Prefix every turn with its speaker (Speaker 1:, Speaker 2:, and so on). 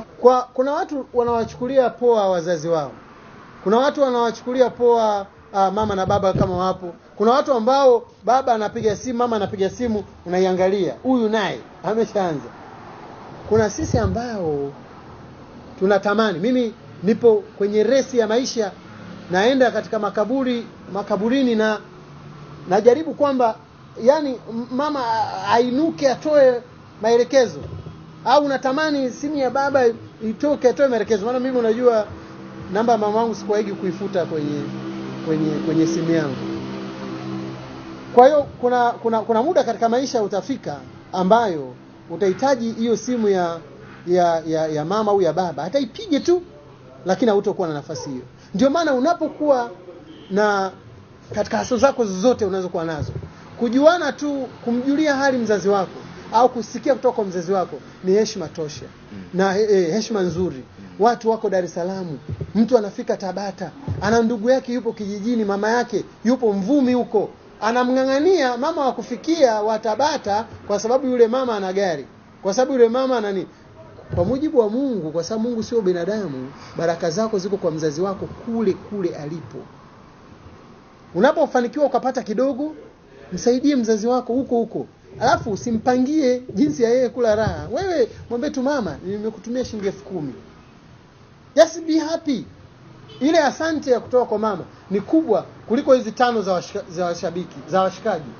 Speaker 1: Kwa, kuna watu wanawachukulia poa wazazi wao, kuna watu wanawachukulia poa uh, mama na baba kama wapo. Kuna watu ambao baba anapiga simu, mama anapiga simu, unaiangalia huyu naye ameshaanza. Kuna sisi ambao tunatamani, mimi nipo kwenye resi ya maisha, naenda katika makaburi makaburini, na najaribu kwamba yani mama ainuke atoe maelekezo au unatamani simu ya baba itoke atoe maelekezo. Maana mimi unajua namba ya mamangu sikuwaigi kuifuta kwenye kwenye kwenye simu yangu. Kwa hiyo kuna, kuna kuna muda katika maisha utafika ambayo utahitaji hiyo simu ya ya, ya ya mama au ya baba, hata ipige tu, lakini hautokuwa na nafasi hiyo. Ndio maana unapokuwa na katika haso zako zozote unazokuwa nazo, kujuana tu, kumjulia hali mzazi wako au kusikia kutoka kwa mzazi wako ni heshima tosha mm. na e, heshima nzuri mm. watu wako Dar es Salaam, mtu anafika Tabata, ana ndugu yake yupo kijijini, mama yake yupo Mvumi huko, anamng'ang'ania mama wa kufikia wa Tabata kwa sababu yule mama ana gari, kwa sababu yule mama ana nini kwa mujibu wa Mungu, kwa sababu Mungu sio binadamu. Baraka zako ziko kwa mzazi wako kule kule alipo. Unapofanikiwa ukapata kidogo, msaidie mzazi wako huko huko alafu simpangie jinsi ya yeye kula raha. Wewe mwambie tu mama, nimekutumia shilingi elfu kumi. Just be happy. Ile asante ya kutoka kwa mama ni kubwa kuliko hizi tano za washabiki za washikaji.